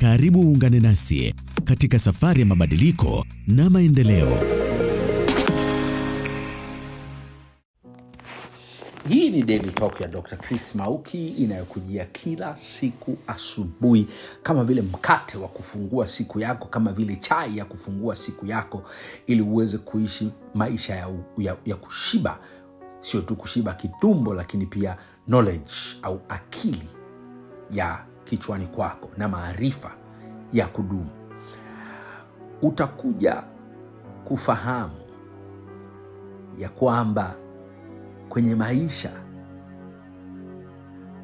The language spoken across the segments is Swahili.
Karibu uungane nasi katika safari ya mabadiliko na maendeleo. Hii ni Daily Talk ya Dr. Chris Mauki inayokujia kila siku asubuhi kama vile mkate wa kufungua siku yako, kama vile chai ya kufungua siku yako, ili uweze kuishi maisha ya, ya, ya kushiba, sio tu kushiba kitumbo, lakini pia knowledge au akili ya kichwani kwako na maarifa ya kudumu. Utakuja kufahamu ya kwamba kwenye maisha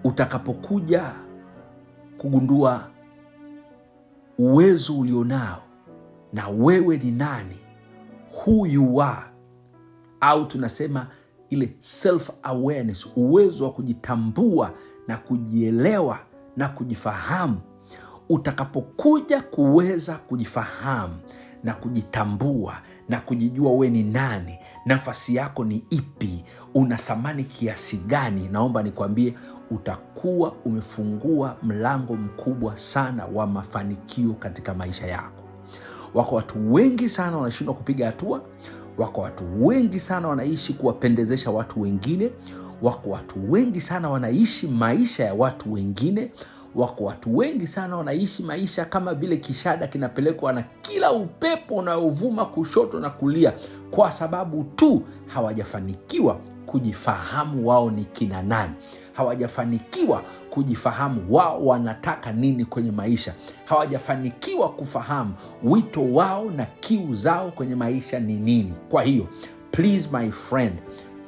utakapokuja kugundua uwezo ulionao na wewe ni nani, who you are, au tunasema ile self awareness, uwezo wa kujitambua na kujielewa na kujifahamu, utakapokuja kuweza kujifahamu na kujitambua na kujijua we ni nani, nafasi yako ni ipi, una thamani kiasi gani, naomba nikwambie, utakuwa umefungua mlango mkubwa sana wa mafanikio katika maisha yako. Wako watu wengi sana wanashindwa kupiga hatua. Wako watu wengi sana wanaishi kuwapendezesha watu wengine Wako watu wengi sana wanaishi maisha ya watu wengine. Wako watu wengi sana wanaishi maisha kama vile kishada kinapelekwa na kila upepo unayovuma kushoto na kulia, kwa sababu tu hawajafanikiwa kujifahamu wao ni kina nani, hawajafanikiwa kujifahamu wao wanataka nini kwenye maisha, hawajafanikiwa kufahamu wito wao na kiu zao kwenye maisha ni nini. Kwa hiyo please my friend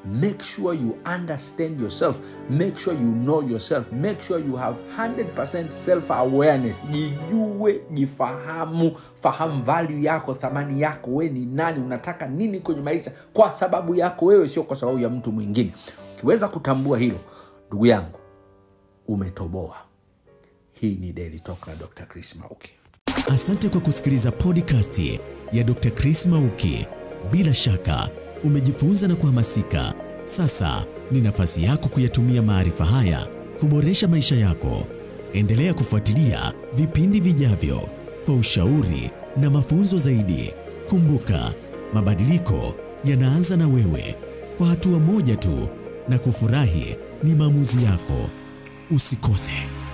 Make sure you understand yourself. Make sure you know yourself. Make sure you have 100% self awareness. Jijue, jifahamu, fahamu value yako, thamani yako, wewe ni nani, unataka nini kwenye maisha, kwa sababu yako wewe, sio kwa sababu ya mtu mwingine. Ukiweza kutambua hilo, ndugu yangu, umetoboa. Hii ni Daily Talk na Dr. Chris Mauki. Asante kwa kusikiliza podcast ya Dr. Chris Mauki. Bila shaka umejifunza na kuhamasika. Sasa ni nafasi yako kuyatumia maarifa haya kuboresha maisha yako. Endelea kufuatilia vipindi vijavyo kwa ushauri na mafunzo zaidi. Kumbuka, mabadiliko yanaanza na wewe, kwa hatua moja tu, na kufurahi ni maamuzi yako. Usikose.